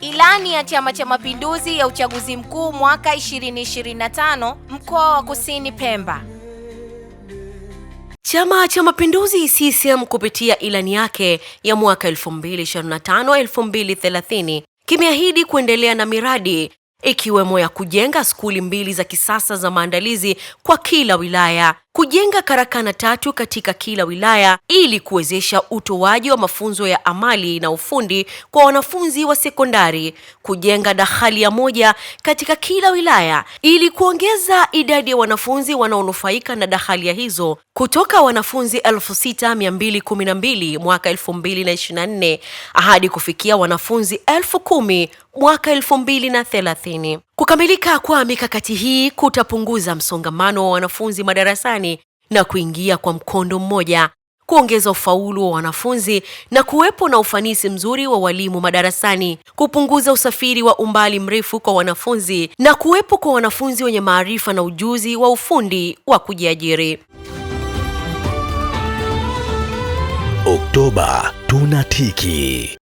Ilani ya Chama cha Mapinduzi ya uchaguzi mkuu mwaka 2025 mkoa wa Kusini Pemba. Chama cha Mapinduzi CCM kupitia ilani yake ya mwaka 2025-2030 kimeahidi kuendelea na miradi ikiwemo ya kujenga skuli mbili za kisasa za maandalizi kwa kila wilaya kujenga karakana tatu katika kila wilaya ili kuwezesha utoaji wa mafunzo ya amali na ufundi kwa wanafunzi wa sekondari, kujenga ya moja katika kila wilaya ili kuongeza idadi ya wanafunzi wanaonufaika na ya hizo kutoka wanafunzi 6212 mwaka 2024 hadi kufikia wanafunzi 10000 mwaka 2030. Kukamilika kwa mikakati hii kutapunguza msongamano wa wanafunzi madarasani na kuingia kwa mkondo mmoja, kuongeza ufaulu wa wanafunzi na kuwepo na ufanisi mzuri wa walimu madarasani, kupunguza usafiri wa umbali mrefu kwa wanafunzi na kuwepo kwa wanafunzi wenye maarifa na ujuzi wa ufundi wa kujiajiri. Oktoba tunatiki.